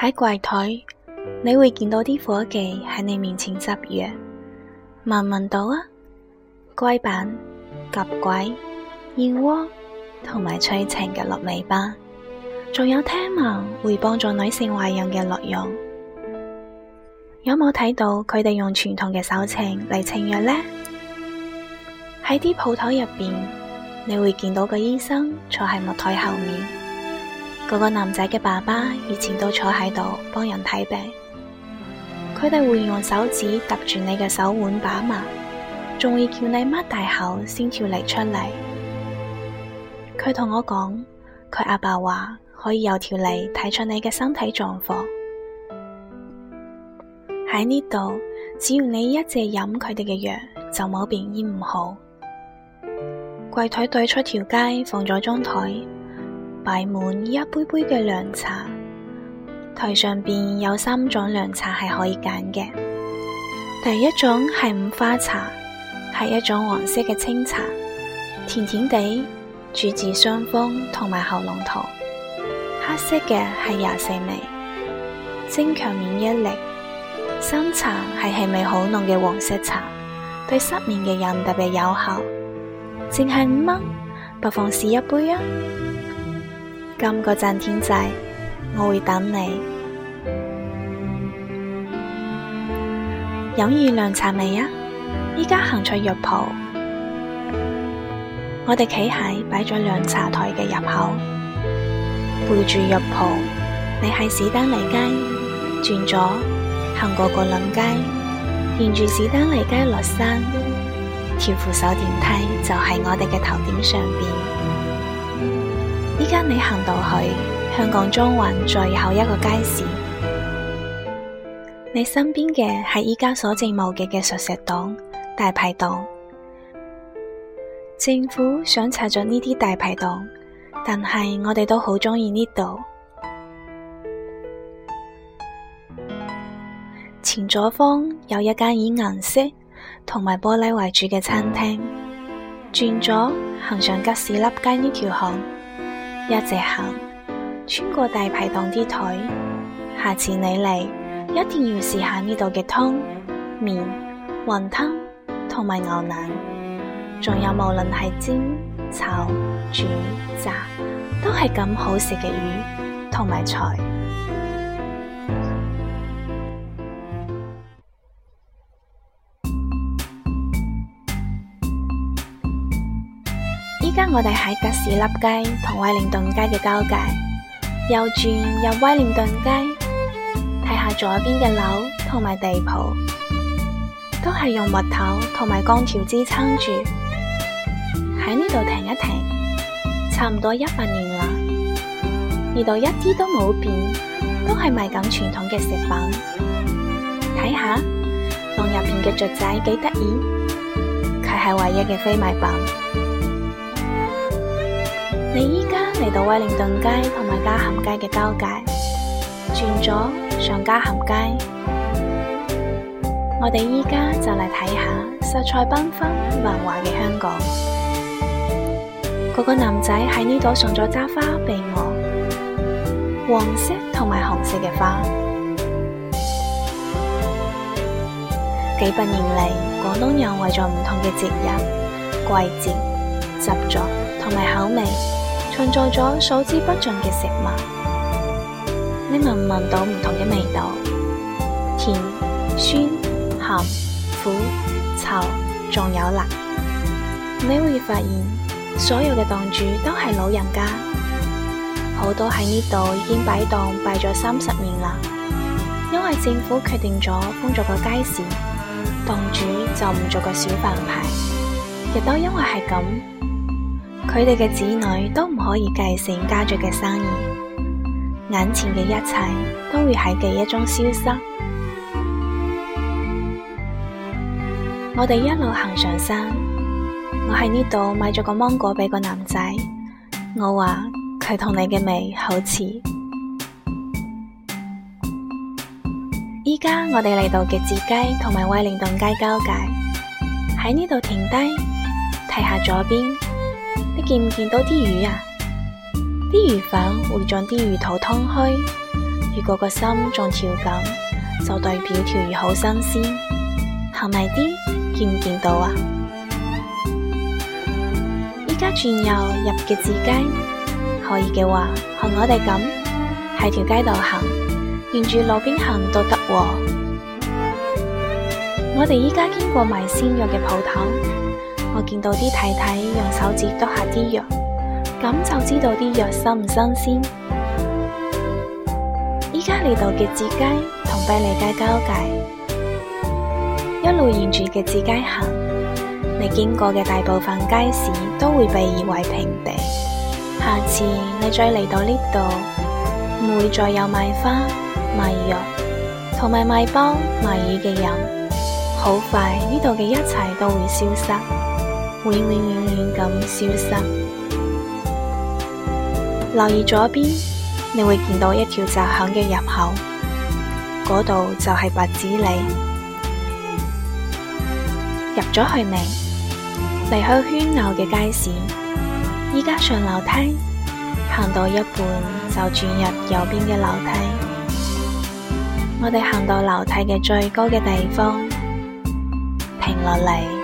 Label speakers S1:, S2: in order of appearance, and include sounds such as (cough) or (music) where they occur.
S1: 喺櫃台，你會見到啲伙計喺你面前執藥，聞唔聞到啊？龜板、蛤蚧、燕窩同埋催情嘅鹿尾巴，仲有聽聞、er, 會幫助女性懷孕嘅鹿茸。有冇睇到佢哋用傳統嘅手稱嚟稱藥呢？喺啲鋪頭入邊，你會見到個醫生坐喺木台後面。嗰個男仔嘅爸爸以前都坐喺度幫人睇病，佢哋會用手指㧺住你嘅手腕把脈，仲會叫你擘大口伸條脷出嚟。佢同我講，佢阿爸話可以由條脷睇出你嘅身體狀況。喺呢度，只要你一直飲佢哋嘅藥，就冇病醫唔好。櫃台對出條街，放咗張台。擺滿一杯杯嘅涼茶，台上邊有三種涼茶係可以揀嘅。第一種係五花茶，係一種黃色嘅清茶，甜甜地，主治傷風同埋喉嚨痛，黑色嘅係廿四味，增強免疫力。參茶係氣味好濃嘅黃色茶，對失眠嘅人特別有效。淨係五蚊，不妨試一杯啊！㩒個暫停掣，我會等你。飲完涼茶未啊？依家行出藥鋪，我哋企喺擺咗涼茶台嘅入口，背住藥鋪，你喺士丹利街轉左，行過閣麟街，沿住士丹利街落山，條扶手電梯就喺我哋嘅頭頂上面。依家你行到去香港中環最後一個街市，你身邊嘅係依家所剩無幾嘅嘅熟食檔、大排檔。政府想拆咗呢啲大排檔，但係我哋都好中意呢度。前左方有一間以銀色同埋玻璃為主嘅餐廳，轉左行上吉士笠街呢條巷。一直行，穿過大排檔啲台。下次你嚟，一定要試下呢度嘅湯麵、雲吞同埋牛腩，仲有無論係煎、炒、煮、炸，都係咁好食嘅魚同埋菜。依家我哋喺吉士笠街同威靈頓街嘅交界，右轉入威靈頓街，睇下左邊嘅樓同埋地鋪，都係用木頭同埋鋼條支撐住。喺呢度停一停，差唔多一百年啦，呢度一啲都冇變，都係賣緊傳統嘅食品。睇下，籠入邊嘅雀仔幾得意，佢係唯一嘅非賣品。我哋依家嚟到威靈頓街同埋嘉咸街嘅交界，轉咗上嘉咸街。我哋依家就嚟睇下色彩繽紛、繁華嘅香港。嗰個男仔喺呢度送咗揸花畀我，黃色同埋紅色嘅花。幾百年嚟，廣東人為咗唔同嘅節日、季節、習俗同埋口味。創造咗數之不盡嘅食物，你聞唔聞到唔同嘅味道？甜、酸、鹹、苦、臭，仲有辣，你會發現所有嘅檔主都係老人家，好多喺呢度已經擺檔擺咗三十年啦。因為政府決定咗封咗個街市，檔主就唔做個小販牌，亦都因為係咁。佢哋嘅子女都唔可以繼承家族嘅生意，眼前嘅一切都會喺記憶中消失。 (music) 我哋一路行上山，我喺呢度買咗個芒果俾個男仔，我話佢同你嘅味好似。依家我哋嚟到結志街同埋威靈頓街交界，喺呢度停低睇下看看左邊。你見唔見到啲魚啊？啲魚販會將啲魚肚劏開，如果個心仲跳緊，就代表條魚好新鮮。行埋啲，見唔見到啊？依家轉右入結志街，可以嘅話，學我哋咁喺條街度行，沿住路邊行都得喔。我哋依家經過賣鮮肉嘅鋪頭。我見到啲太太用手指厾下啲肉，咁就知道啲肉新唔新鮮。依家嚟到結志街同卑利街交界，一路沿住結志街行，你經過嘅大部分街市都會被夷為平地。下次你再嚟到呢度，唔會再有賣花、賣肉同埋賣包、賣魚嘅人。好快，呢度嘅一切都會消失，永永遠遠咁消失。留意左邊，你會見到一條窄巷嘅入口，嗰度就係百子里。入咗去未？離開喧鬧嘅街市，依家上樓梯，行到一半就轉入右邊嘅樓梯。我哋行到樓梯嘅最高嘅地方。停落嚟。